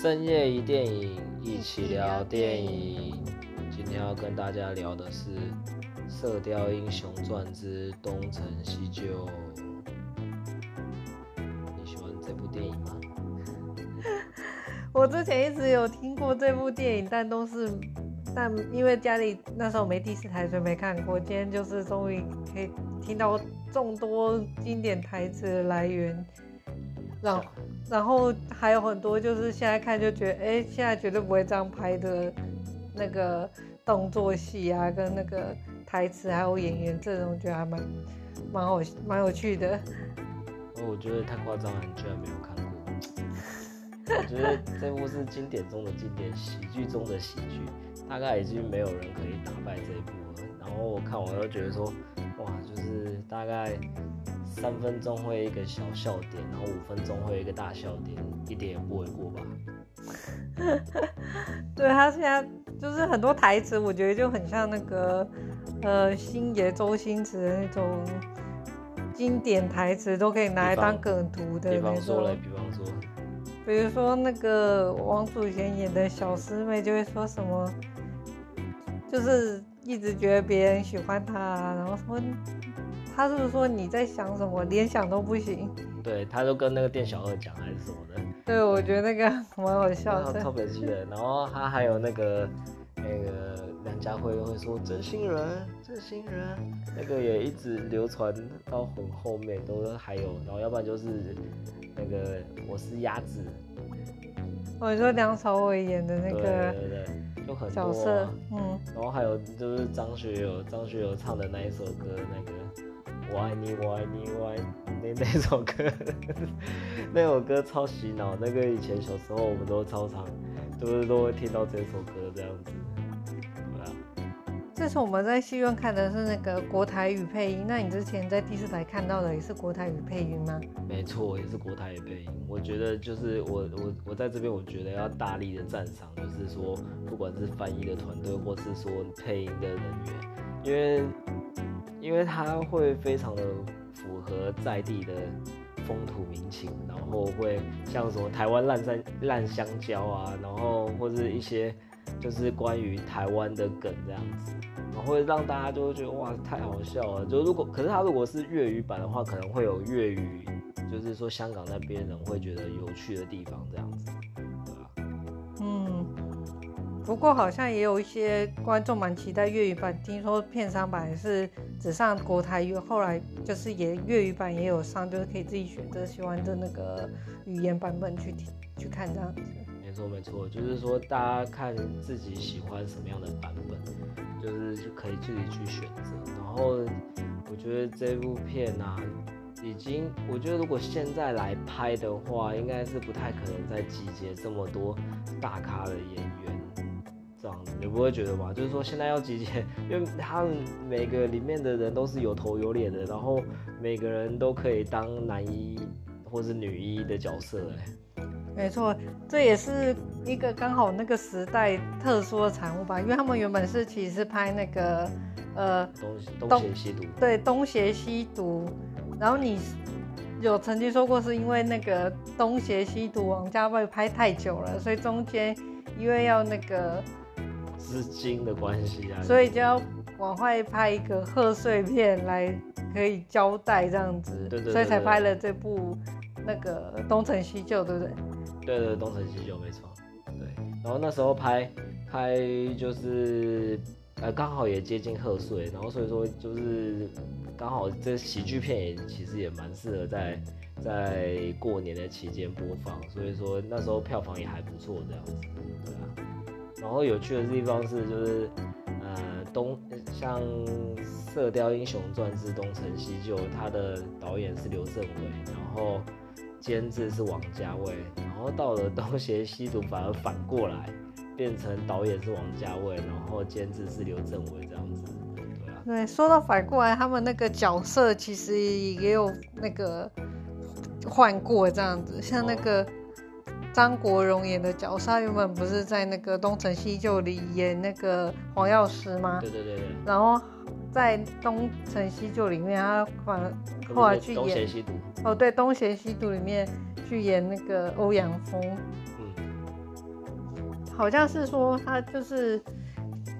深夜一電影，一起聊電影。今天要跟大家聊的是《射鵰英雄傳之東成西就》。你喜歡這部電影嗎？我之前一直有聽過這部電影，但都是但因為家裡那時候沒第四台，所以沒看過。今天就是終於可以聽到眾多經典台詞的來源。然後，然後還有很多就是現在看就覺得，哎，現在絕對不會這樣拍的那個動作戲啊，跟那個台詞，還有演員陣容，我覺得還蠻蠻好蠻有趣的。我覺得太誇張了，你居然沒有看過。 我覺得這部是經典中的經典，喜劇中的喜劇，大概已經沒有人可以打敗這一部了。然後我看完了，覺得說，哇，就是大概。三分鐘會一個小笑點，然後五分鐘會一個大笑點，一點也不為過吧？ 對，他現在就是很多台詞，我覺得就很像那個呃星爺周星馳那種經典台詞，都可以拿來當梗圖的那種比比。比方說，比方說，比如說那個王祖賢演的小師妹就會說什麼，就是一直覺得別人喜歡她，啊，然後什麼。他是不是說你在想什麼，連想都不行？對，他就跟那個店小二講還是什麼的。對，對我覺得那個蠻好笑的，他很特別是然後他還有那個那個梁家輝又會說真心人，真心人，那個也一直流傳到很後面都還有，然後要不然就是那個我是鴨子，我說梁朝偉演的那個，對，對對對，就很多啊，嗯，然後還有就是張學友，張學友唱的那一首歌的那個。我愛你，我愛你，我愛你，那那首歌， 那首歌超洗腦。那個以前小時候我們都操場，都、就是都會聽到這首歌這樣子，怎、啊、這次我們在戲院看的是那個國台語配音，那你之前在第四台看到的也是國台語配音嗎？沒錯，也是國台語配音。我覺得就是我我我在這邊，我覺得要大力的讚賞，就是說不管是翻譯的團隊，或是說配音的人員，因為。因為它會非常的符合在地的風土民情，然後會像什麼台灣爛山爛香蕉啊，然後或者一些就是關於台灣的梗這樣子，然後會讓大家就會覺得哇太好笑了。就如果可是它如果是粵語版的話，可能會有粵語，就是說香港那邊人會覺得有趣的地方這樣子，對吧？嗯，不過好像也有一些觀眾蠻期待粵語版，聽說片商版是。只上國台語，後來就是也粵語版也有上，就是可以自己選擇喜歡的那個語言版本去聽、去看這樣子。沒錯，沒錯，就是說大家看自己喜歡什麼樣的版本，就是就可以自己去選擇。然後我覺得這部片啊，已經我覺得如果現在來拍的話，應該是不太可能再集結這麼多大咖的演員。你不會覺得吧？就是說現在要集結，因為他們每個裡面的人都是有頭有臉的，然後每個人都可以當男一或是女一的角色，欸。沒錯，這也是一個剛好那個時代特殊的產物吧？因為他們原本是其實是拍那個呃東東邪西毒，東，對東邪西毒，然後你有曾經說過是因為那個東邪西毒王家衛拍太久了，所以中間因為要那個。資金的關係啊，所以就要往外拍一個賀歲片來可以交代這樣子，對對，對，對對，所以才拍了這部那個東成西就，對不對？對，對對，東成西就沒錯，對。然後那時候拍拍就是呃剛好也接近賀歲，然後所以說就是剛好這喜劇片也其實也蠻適合在在過年的期間播放，所以說那時候票房也還不錯這樣子，對啊。然後有趣的地方是，就是，呃，東像《射鵰英雄傳之東成西就》，他的導演是劉鎮偉，然後監製是王家衛，然後到了《東邪西毒》，反而反過來，變成導演是王家衛，然後監製是劉鎮偉這樣子。對啊。對，說到反過來，他們那個角色其實也有那個換過這樣子，嗯哦、像那個。張國榮演的角色，他原本不是在那個《東成西就》裡演那個黃藥師嗎？對對對對。然後在《東成西就》裡面，他反後來去演對對，哦，對，《東邪西毒》裡面去演那個歐陽鋒。嗯，好像是說他就是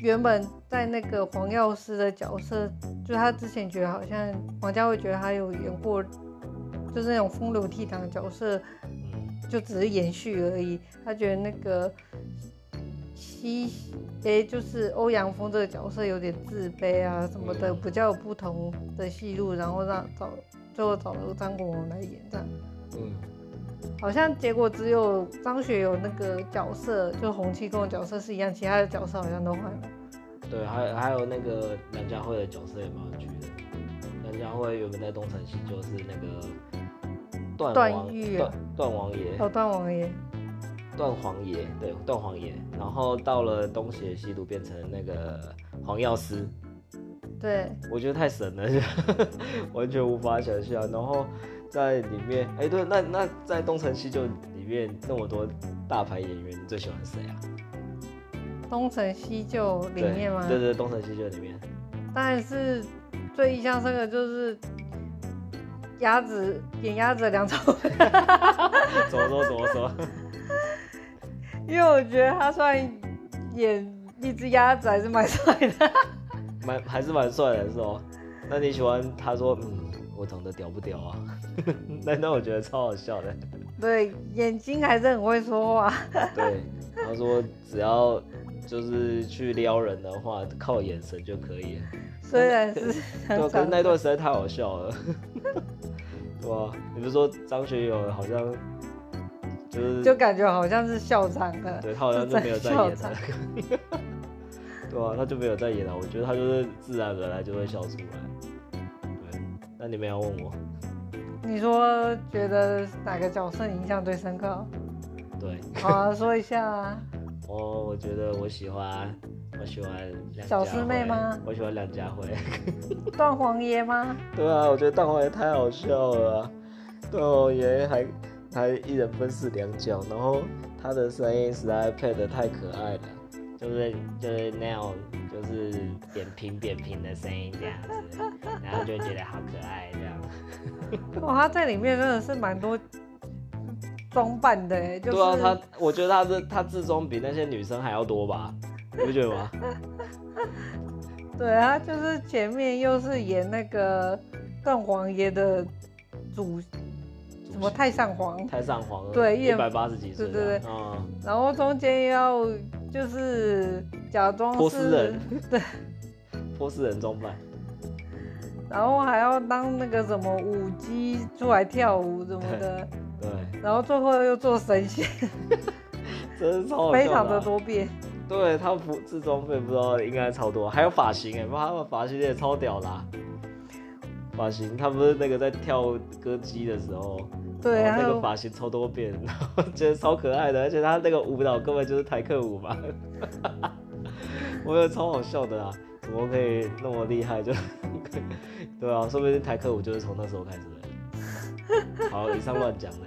原本在那個黃藥師的角色，就他之前覺得好像王家衛覺得他有演過，就是那種風流倜儻的角色，就只是延續而已。他覺得那個西誒、欸，就是歐陽鋒這個角色有點自卑啊什麼的，嗯、比較有不同的戲路，然後讓找最後找了個張國榮來演這樣。嗯。好像結果只有張學友那個角色，就洪七公的角色是一樣，其他的角色好像都換了。對，還有還有那個梁家輝的角色也蠻絕的。梁家輝原本在《東成西就》是那個。段王爺，段、啊、王爺，哦，段王爺，段王爺，對，段王爺。然後到了東邪西毒，變成那個黃藥師。對，我覺得太神了， 完全無法想象。然後在裡面，哎，對，那那在《東成西就》裡面那麼多大牌演員，你最喜歡誰啊？《東成西就》裡面嗎？對，對對，《東成西就》裡面。但是最印象深刻就是。鴨子演鴨子的梁朝偉。哈哈哈哈，怎麼說？怎麼說？因為我覺得他算演一隻鴨子還是蠻帥的，蠻 還是蠻帥的。是哦，喔。那你喜歡他說嗯，我長得屌不屌啊？那 那我覺得超好笑的。對，眼睛還是很會說話。 對，他說只要。就是去撩人的話，靠眼神就可以。雖然是、 啊、可是那段實在太好笑了。 對啊，你不是說張學友好像就是就感覺好像是笑場的，對他好像就沒有在演了。 對啊，他就沒有在演了。我覺得他就是自然而然就會笑出來。對，那你們要問我，你說覺得哪個角色印象最深刻？對，好、啊、說一下、啊。哦，oh, 我覺得我喜歡，我喜歡兩小師妹嗎？我喜歡梁家輝，段王爺嗎？對啊，我覺得段王爺太好笑了，啊，段王爺還還一人分飾兩角，然後他的聲音實在配得太可愛了，就是就是那樣就是扁平扁平的聲音這樣子，然後就覺得好可愛這樣。 哇，他在裡面真的是蠻多。裝扮的、欸，就是、對啊，他我覺得他是他自裝比那些女生還要多吧，你不覺得嗎？ 對啊，他就是前面又是演那個段王爺的主，什麼太上皇，太上皇，對，一百八十幾歲，對對、對、嗯、然後中間要就是假裝是，對，波斯人裝扮，對中然後還要當那個什麼舞姬出來跳舞什麼的。對然後最後又做神仙， 真是超的超非常的多變。對他服制裝備，不知道應該超多，還有髮型哎，媽，他們髮型也超屌啦。髮型，他不是那個在跳歌姬的時候，對，那個髮型超多變，他然後覺得超可愛的，而且他那個舞蹈根本就是台客舞嘛， 我有超好笑的啊，怎麼可以那麼厲害就？就 對啊，說不定台客舞就是從那時候開始。的。 好，以上亂講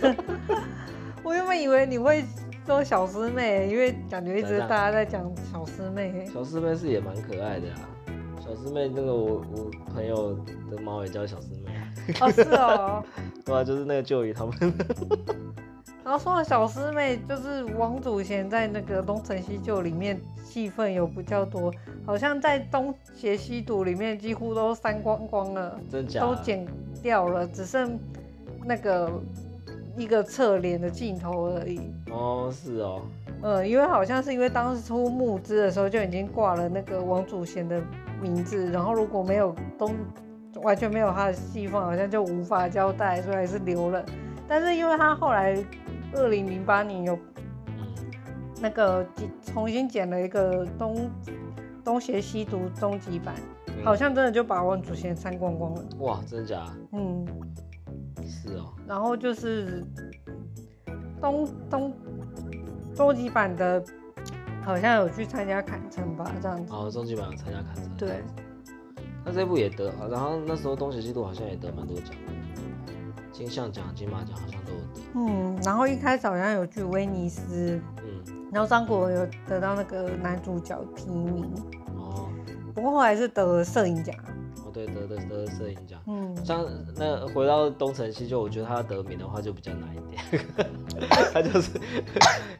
的。 我原本以為你會說小師妹，因為感覺一直大家在講小師妹。小師妹是也蠻可愛的啊，小師妹那個我我朋友的貓也叫小師妹。 哦，是哦。 對啊，就是那個舅姨他們。 然後說到小師妹，就是王祖賢在那個東成西就裡面戲份有比較多，好像在東邪西毒裡面幾乎都刪光光了，真假的都剪掉了，只剩那個一個側臉的鏡頭而已。哦，是哦。嗯，因為好像是因為當時出募資的時候就已經掛了那個王祖賢的名字，然後如果沒有東，完全沒有他的戲份，好像就無法交代，所以還是留了。但是因為他後來二零零八年有那個重新剪了一個東東邪西毒終極版。 好像真的就把王祖賢刪光光了。哇，真的假的？嗯，是哦。然後就是東東終極版的，好像有去參加坎城吧，這樣子。哦，終極版有參加坎城。對。那這部也得，然後那時候東邪西毒好像也得蠻多獎，金像獎、金馬獎好像都有得。嗯，然後一開始好像有去威尼斯。嗯。然後張國榮有得到那個男主角提名。我後來是得了攝影獎。哦，對，得了得得攝影獎。嗯，像那回到東成西就，我覺得他得名的話就比較難一點。他 就是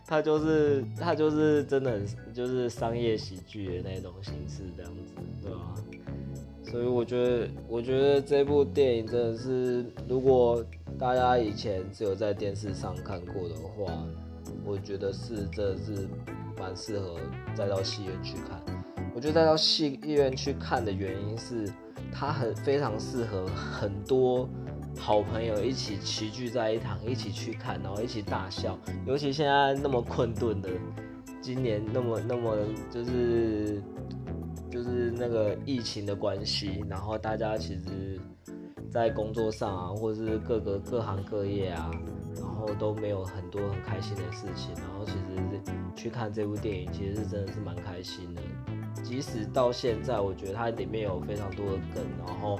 他就是他就是真的很，就是商業喜劇的那種形式這樣子，對吧？啊。所以我覺得我覺得這部電影真的是，如果大家以前只有在電視上看過的話，我覺得是真的是蠻適合再到戲院去看。我就帶到戲院去看的原因是，他很非常適合很多好朋友一起齊聚在一堂，一起去看，然後一起大笑。尤其現在那麼困頓的，今年那麼那麼就是就是那個疫情的關係，然後大家其實，在工作上啊，或者是各個各行各業啊，然後都沒有很多很開心的事情。然後其實去看這部電影，其實是真的是蠻開心的。即使到現在，我覺得它裡面有非常多的梗，然後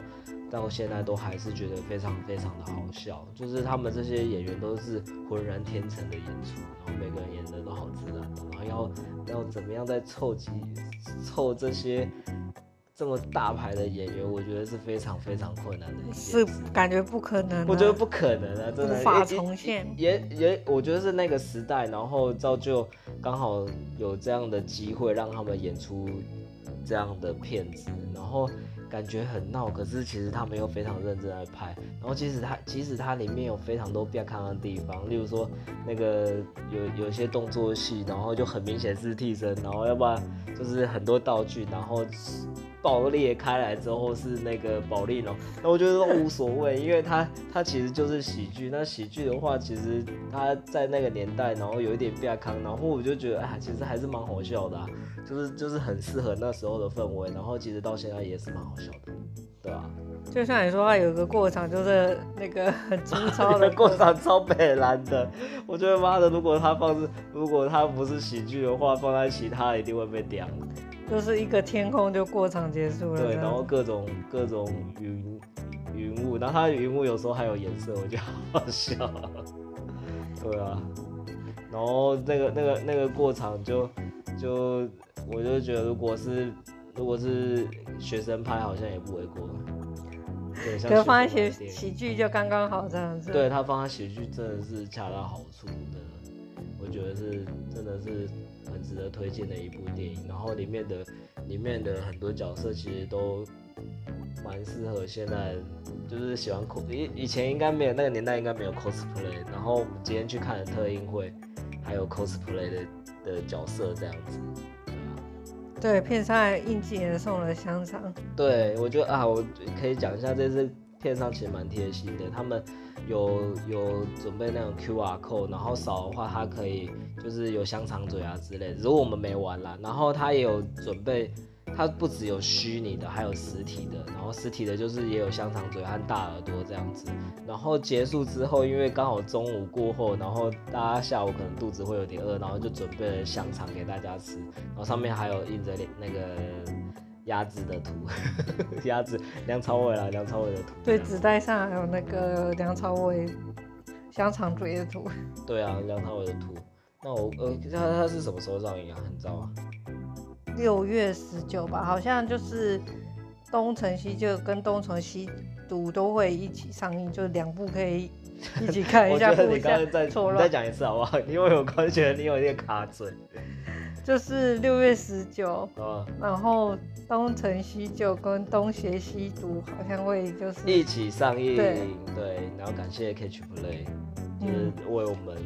到現在都還是覺得非常非常的好笑。就是他們這些演員都是渾然天成的演出，然後每個人演的都好自然的，然後要要怎麼樣再湊幾湊這些。這麼大牌的演員，我覺得是非常非常困難的一件事，是感覺不可能。我覺得不可能啊，真的無法重現。也也，也，我覺得是那個時代，然後造就，剛好有這樣的機會，讓他們演出這樣的片子，然後感覺很鬧。可是其實他們又非常認真在拍。然後即使他，即使他裡面有非常多不雅看的地方，例如說那個有有些動作戲，然後就很明顯是替身，然後要不然就是很多道具，然後。爆裂開來之後是那個保麗龍，那我覺得都無所謂，因為它它其實就是喜劇，那喜劇的話其實它在那個年代，然後有一點比較康，然後我就覺得哎，其實還是蠻好笑的、啊，就是就是很適合那時候的氛圍，然後其實到現在也是蠻好笑的，對吧、啊？就像你說它、啊、有一個過場，就是那個很粗糙的、啊、的過場超北爛的，我覺得媽的，如果他放是如果他不是喜劇的話，放在其他一定會被譙。就是一個天空就過場結束了，對，然後各種各種雲雲霧，然後它雲霧有時候還有顏色，我覺得好好笑。 對啊，然後那個那個那個過場就就我就覺得，如果是如果是學生拍，好像也不為過。對，他放在寫喜劇就剛剛好這樣子。對嗎他放在喜劇真的是恰到好處的。我覺得是真的是很值得推薦的一部電影，然後裡面的裡面的很多角色其實都蠻適合現在，就是喜歡 cos，以以前應該沒有那個年代應該沒有 cosplay。然後我們今天去看了特映會，還有 cosplay 的的角色這樣子，對啊。對，片商還應景也送了香腸，對我覺得啊，我可以講一下這次。片上其實蠻貼心的，他們有有準備那種 QR code，然後掃的話它可以就是有香腸嘴啊之類的。如果我們沒玩啦，然後他也有準備，他不只有虛擬的，還有實體的。然後實體的就是也有香腸嘴和大耳朵這樣子。然後結束之後，因為剛好中午過後，然後大家下午可能肚子會有點餓，然後就準備了香腸給大家吃，然後上面還有印着那個。鴨子的圖，鴨子梁朝偉啊，梁朝偉的圖。對，紙袋上還有那個梁朝偉香腸嘴的圖。對啊，梁朝偉的圖。那我呃，他他是什麼時候上映啊？很早啊，六月十九吧，好像就是東成西就跟東成西都都會一起上映，就兩部可以一起看一下。 我覺得你剛才在錯亂，你再講一次好不好？因為我剛覺得你有點卡嘴。就是六月十九，嗯，然後《東成西就》跟《東邪西毒》好像會就是一起上映，對。對，然後感謝 Catch Play，就是為我們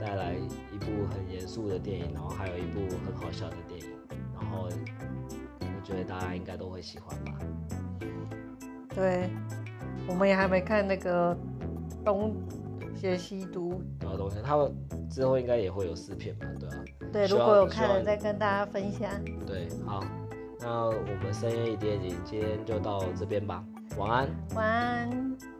帶來一部很嚴肅的電影，然後還有一部很好笑的電影，然後我覺得大家應該都會喜歡吧。對，我們也還沒看那個《東邪西毒》，然後《東邪》，他們之後應該也會有視頻吧，對啊。對，要如果有看了要再跟大家分享。對，好，那我們深夜一點點，今天就到這邊吧。晚安，晚安。